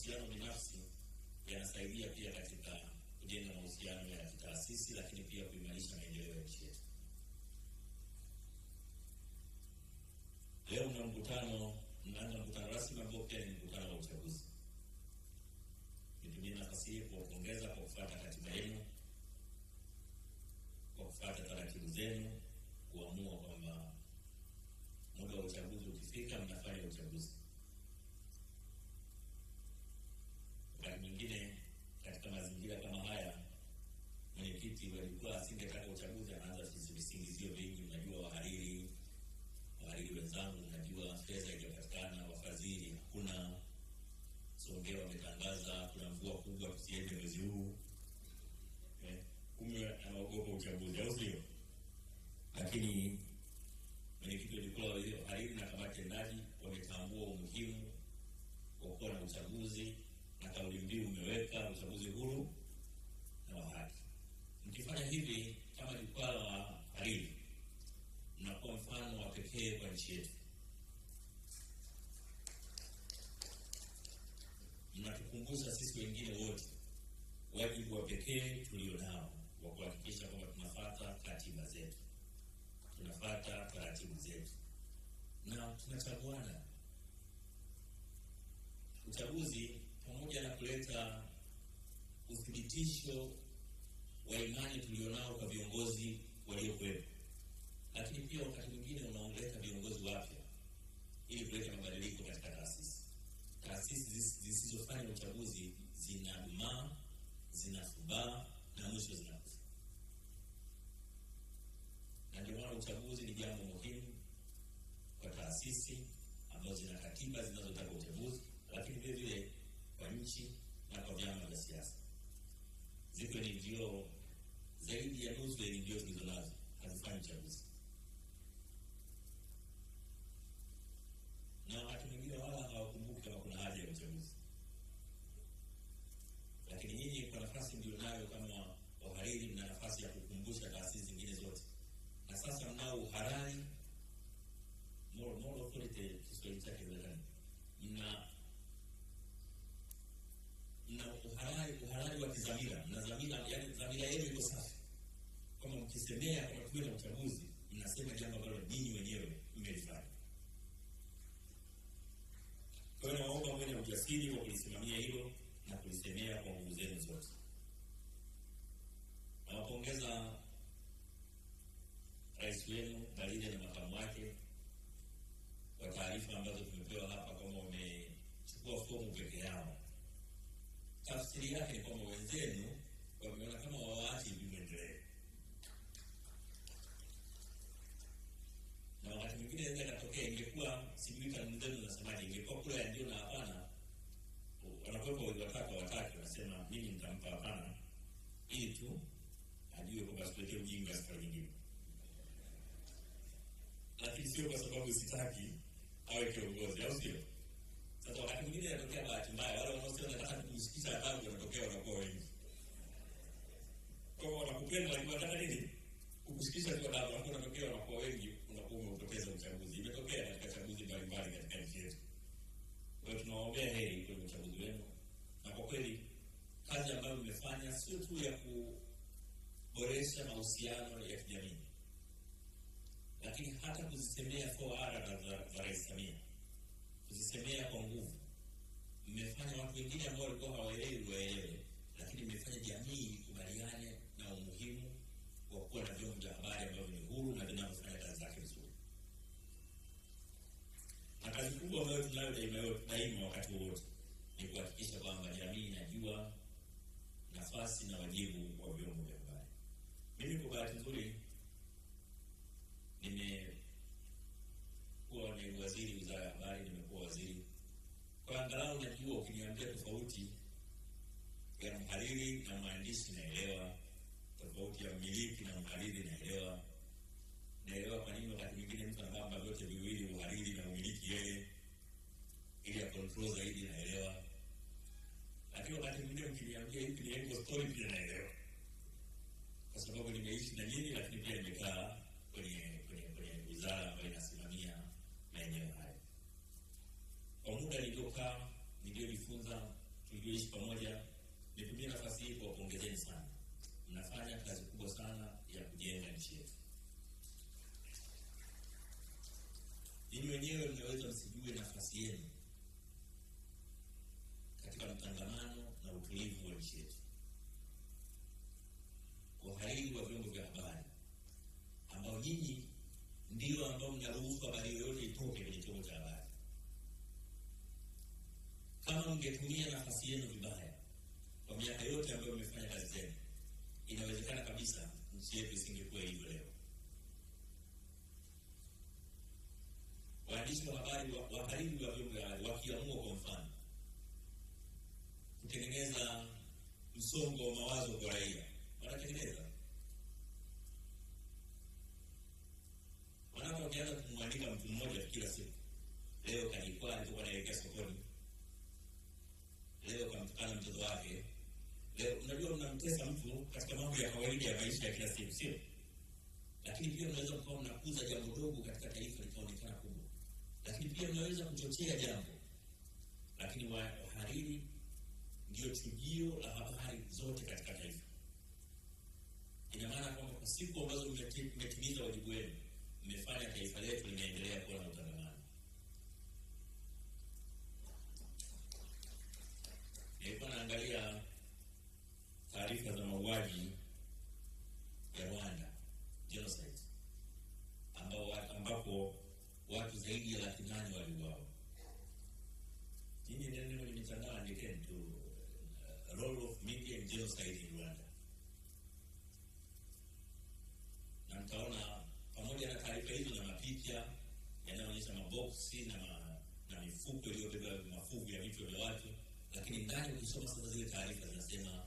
mahusiano binafsi yanasaidia pia katika kujenga mahusiano ya kitaasisi, lakini pia kuimarisha maendeleo ya nchi yetu. Leo na mkutano, mnaanza mkutano rasmi ambao pia ni mkutano wa uchaguzi. Nitumie nafasi hii kuwapongeza ya nchi yetu. Inatukumbusha sisi wengine wote wajibu wa pekee tulio nao wa kuhakikisha kwamba tunafata katiba zetu, tunafata taratibu zetu na tunachaguana. Uchaguzi pamoja na kuleta uthibitisho wa imani tulionao kwa viongozi waliokuwepo, lakini pia wakati lakini sio kwa sababu sitaki awe kiongozi, au sio? Sasa wakati mwingine inatokea bahati mbaya, wale wanaosema nataka kumsikiza adhabu wanatokea wanakuwa wengi, kwao, wanakupenda lakini wanataka nini? Kukusikiza tu adhabu, alafu wanatokea wanakuwa wengi, unakuwa umeupoteza uchaguzi. Imetokea katika chaguzi mbalimbali katika nchi yetu. Kwa hiyo tunawaombea heri kwenye uchaguzi wenu, na kwa kweli kazi ambayo mmefanya sio tu ya kuboresha mahusiano ya kijamii lakini hata kuzisemea sio ara za Rais Samia, kuzisemea kwa nguvu. Mmefanya watu wengine ambao walikuwa hawaelewi waelewe, lakini mmefanya jamii ikubaliane na umuhimu wa kuwa na vyombo vya habari ambavyo ni huru na vinavyofanya kazi zake vizuri. Na kazi kubwa ambayo tunayo daima, wakati wowote, ni kuhakikisha kwamba jamii inajua nafasi na wajibu lakini wenyewe mnaweza msijue nafasi yenu katika mtangamano na utulivu wa nchi yetu. Wahariri wa vyombo vya habari ambao nyinyi ndio ambao mnaruhusu habari yoyote itoke kwenye chombo cha habari, kama mngetumia nafasi yenu vibaya kwa miaka yote ambayo mmefanya kazi zenu, inawezekana kabisa nchi yetu isingekuwa hivyo leo. waandishi wa habari karibu wa vyombo vya habari wakiamua, kwa mfano, kutengeneza msongo siku ambazo mmetimiza wajibu wenu, mmefanya taifa letu limeendelea kuwa na utamaduni hosi na na mifuko iliyobeba mafuvu ya vichwa vya watu, lakini ndani ukisoma sasa zile taarifa zinasema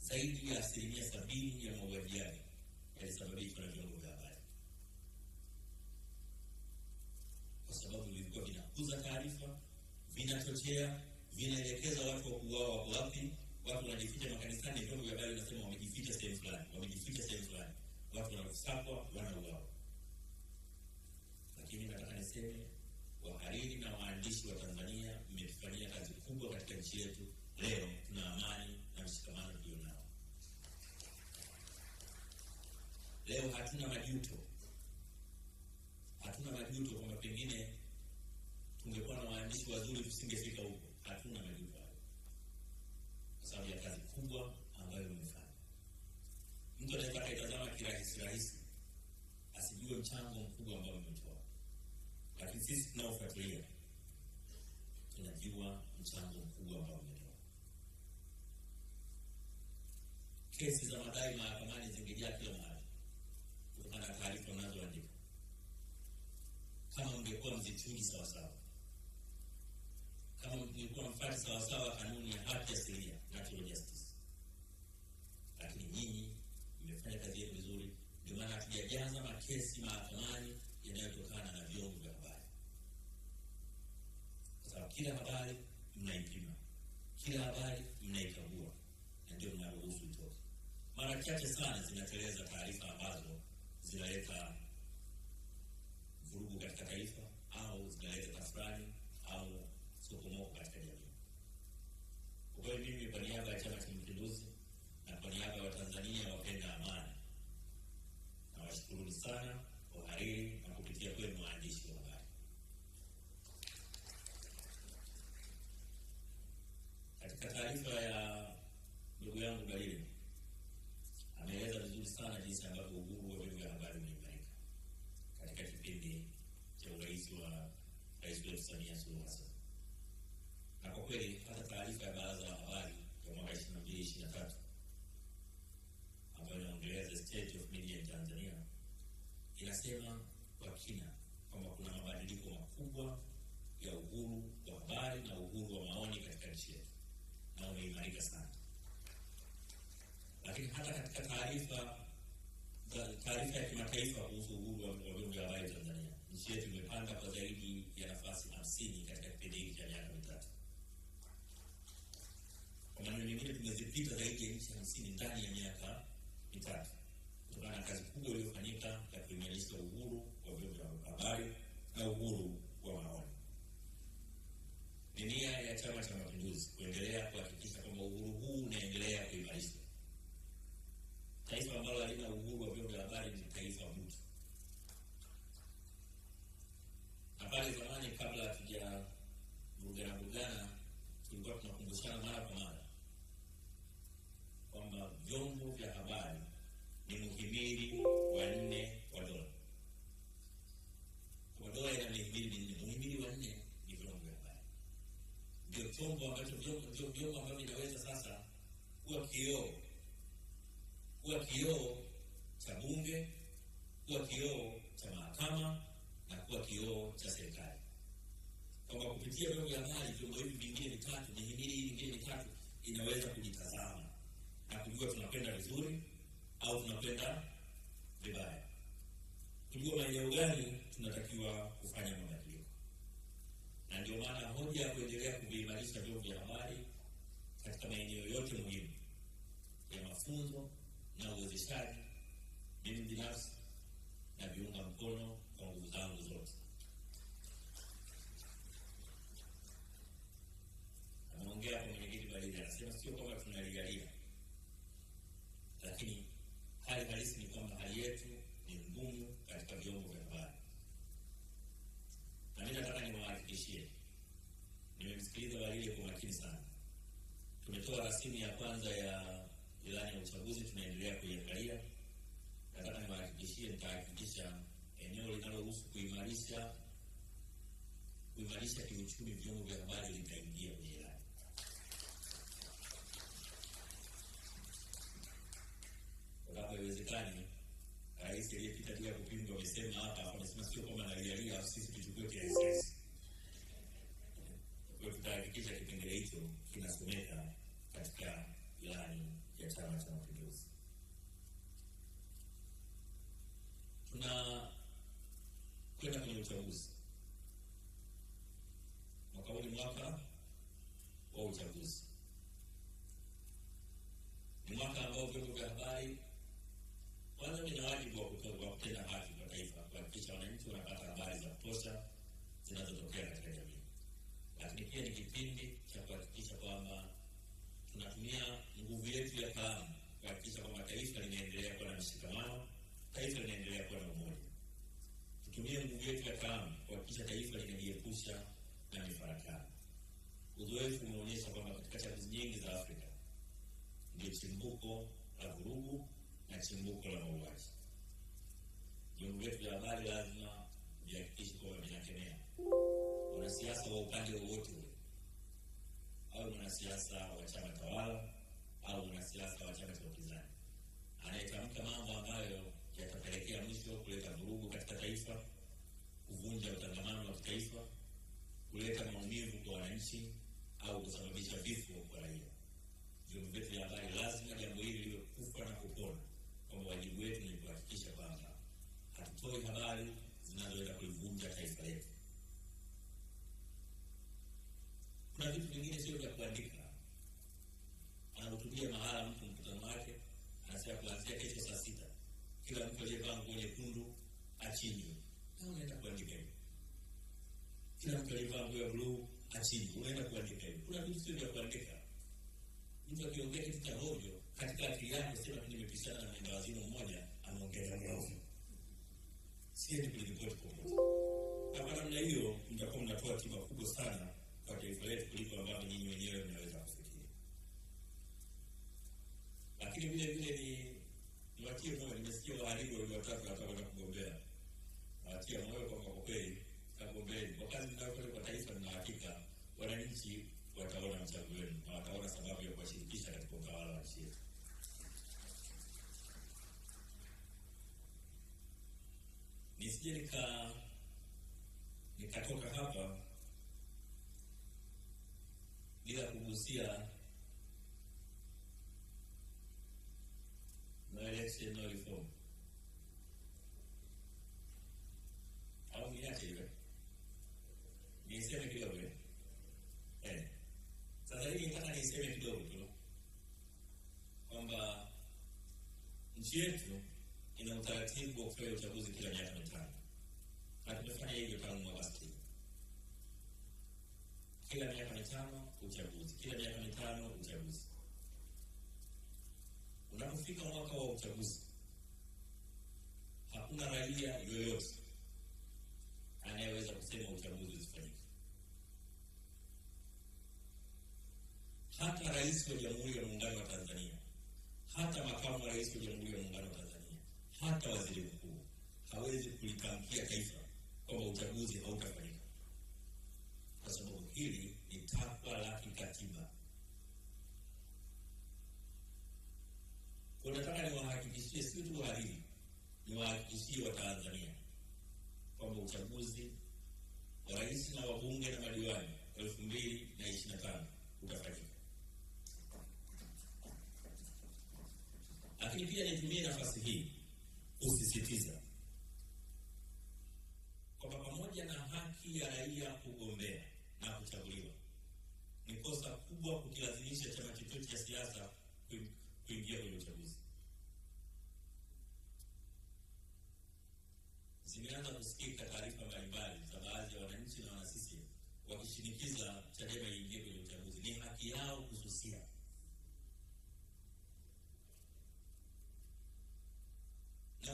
zaidi ya asilimia sabini ya mauaji yale yalisababishwa na vyombo vya habari, kwa sababu vilikuwa vinakuza taarifa, vinachochea, vinaelekeza watu wa kuuawa wako wapi. Watu wanajificha makanisani, vyombo vya habari vinasema wamejificha sehemu fulani, wamejificha sehemu fulani, watu wanasakwa, wanauawa. Lakini nataka niseme wahariri na waandishi wa Tanzania, mmetufanyia kazi kubwa katika nchi yetu. Leo tuna amani na mshikamano tulionao. Leo hatuna majuto kesi za madai mahakamani zingejaa kila mahali kutokana na taarifa unazoandika. Kama mngekuwa mzichungi sawasawa, kama mngekuwa mfati sawasawa kanuni ya haki ya sheria, natural justice, lakini nyinyi mmefanya kazi yenu vizuri. Ndio maana hatujajaza makesi mahakamani yanayotokana na vyombo vya habari, kwa sababu kila habari mnaipima, kila habari mnaikagua, na ndio mnalo mara chache sana zinateleza taarifa ambazo zinaweka katika baraza la habari ya mwaka 2023 ambayo inaongelea the state of media in Tanzania inasema kwa kina kwamba kuna mabadiliko makubwa ya uhuru wa habari na uhuru wa maoni katika nchi yetu na umeimarika sana, lakini hata katika taarifa taarifa ya kimataifa kuhusu uhuru wa vyombo vya habari Tanzania, nchi yetu imepanda kwa zaidi ya nafasi hamsini katika kipindi hiki cha miaka nimekuja kugazeti la zaidi ya nchi hamsini ndani ya miaka chombo ambacho vyombo ambavyo vinaweza sasa kuwa kioo kuwa kioo cha bunge kuwa kioo cha mahakama na kuwa kioo cha serikali, kwamba kupitia vyombo vya habari vyombo hivi vingine vitatu mihimili hii mingine mitatu inaweza kujitazama na kujua tunapenda vizuri au tunakwenda vibaya, kujua maeneo gani tunatakiwa kufanya mambo na ndio maana hoja ya kuendelea kuviimarisha vyombo vya habari katika maeneo yote muhimu ya mafunzo na uwezeshaji, mimi binafsi na viunga mkono tasimu ya kwanza ya ilani ya uchaguzi tunaendelea kuiangalia. Nataka niwahakikishie, nitahakikisha eneo linalohusu kuimarisha kuimarisha kiuchumi vyombo vya habari litaingia kwenye ilani. Kama iwezekani, rais aliyepita bila kupinga amesema hapa, amesema sio kwamba nalialia sisi tuchukue kiasi kwenda kwenye uchaguzi mwaka huu ni mwaka wa uchaguzi ni mwaka ambao vyombo vya habari kwanza vina wajibu wa kutenda haki kwa taifa kuhakikisha wananchi wanapata habari za kutosha zinazotokea katika jamii lakini pia ni kipindi cha kuhakikisha kwamba tunatumia nguvu yetu ya fahamu kuhakikisha kwamba taifa linaendelea kuwa na mshikamano taifa tuitumie nguvu yetu ya fahamu kuhakikisha taifa linajiepusha na mifarakano. Uzoefu umeonyesha kwamba katika chaguzi nyingi za Afrika ndio chimbuko la vurugu na chimbuko la mauaji. Vyombo vyetu vya habari lazima vihakikishe kwamba vinakemea wanasiasa wa upande wowote ule, au mwanasiasa wa chama tawala au mwanasiasa wa chama cha upinzani anayetamka mambo ambayo yatapelekea mwisho kuleta vurugu katika taifa kuvunja utangamano wa kitaifa, kuleta maumivu kwa wananchi au kusababisha vifo. no eres el hijo. uchaguzi, kila miaka mitano uchaguzi. Unapofika mwaka wa uchaguzi, hakuna raia yoyote anayeweza kusema uchaguzi usifanyike. Hata rais wa Jamhuri ya Muungano wa Tanzania, hata makamu wa rais wa Jamhuri ya Muungano wa Tanzania, hata waziri mkuu hawezi kulitamkia taifa kwamba uchaguzi hautafanyika, kwa sababu hili ni takwa la kikatiba. kunataka niwahakikishie, si tu wahariri, niwahakikishie Watanzania kwamba uchaguzi wa rais na wabunge na madiwani elfu mbili na ishirini na tano utafanyika. Lakini pia nitumie nafasi hii kusisitiza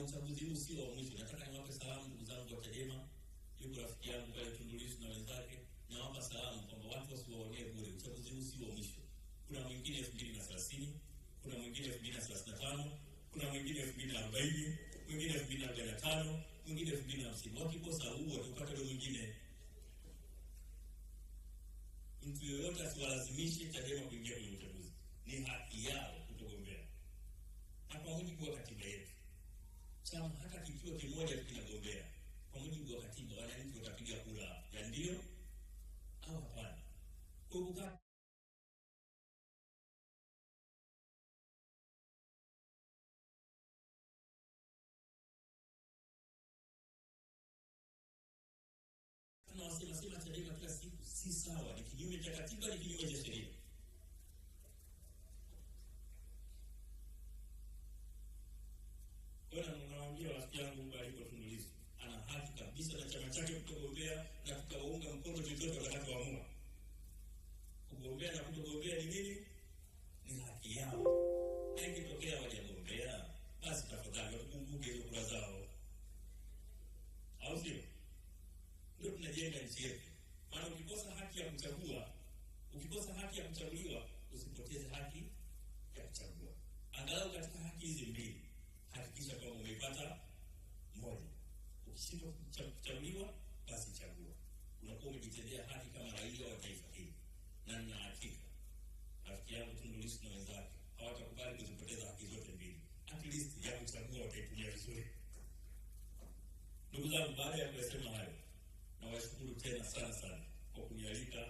na uchaguzi huu sio wa mwisho. Nataka niwape salamu ndugu zangu wa Chadema, yuko rafiki yangu pale Tundu Lissu na wenzake, nawapa salamu kwamba watu wasiwaonee bure. Uchaguzi huu sio wa mwisho, kuna mwingine elfu mbili na thelathini, kuna mwingine elfu mbili na thelathini na tano, kuna mwingine elfu mbili na arobaini, mwingine elfu mbili na arobaini na tano, mwingine elfu mbili na hamsini. Wakikosa huu watapata ule mwingine. Mtu yoyote asiwalazimishe Chadema kuingia kwenye uchaguzi, ni haki yao kutogombea na kwa mujibu wa chama hata kikiwa kimoja kinagombea, kwa mujibu wa katiba, wananchi watapiga kura ya ndio au hapana. kuka sema Chadema kila siku si sawa, ni kinyume cha katiba, ni kinyume chama chake kutogombea na kutaunga mkono chochote watakavyoamua. Kugombea na kutogombea ni nini? Ni haki yao. Ikitokea hawajagombea, basi tafadhali watukumbuke hizo kura zao, au sio? Ndio tunajenga nchi yetu, maana ukikosa haki ya kuchagua, ukikosa haki ya kuchaguliwa, usipoteze haki ya kuchagua. Angalau katika haki hizi mbili, hakikisha kwamba umeipata moja. Ukishindwa kuishi na wenzake, hawatakubali kuzipoteza haki zote mbili. At least yakuchagua wataitumia vizuri. Ndugu zangu, baada ya kuyasema hayo, nawashukuru tena sana sana kwa kunialika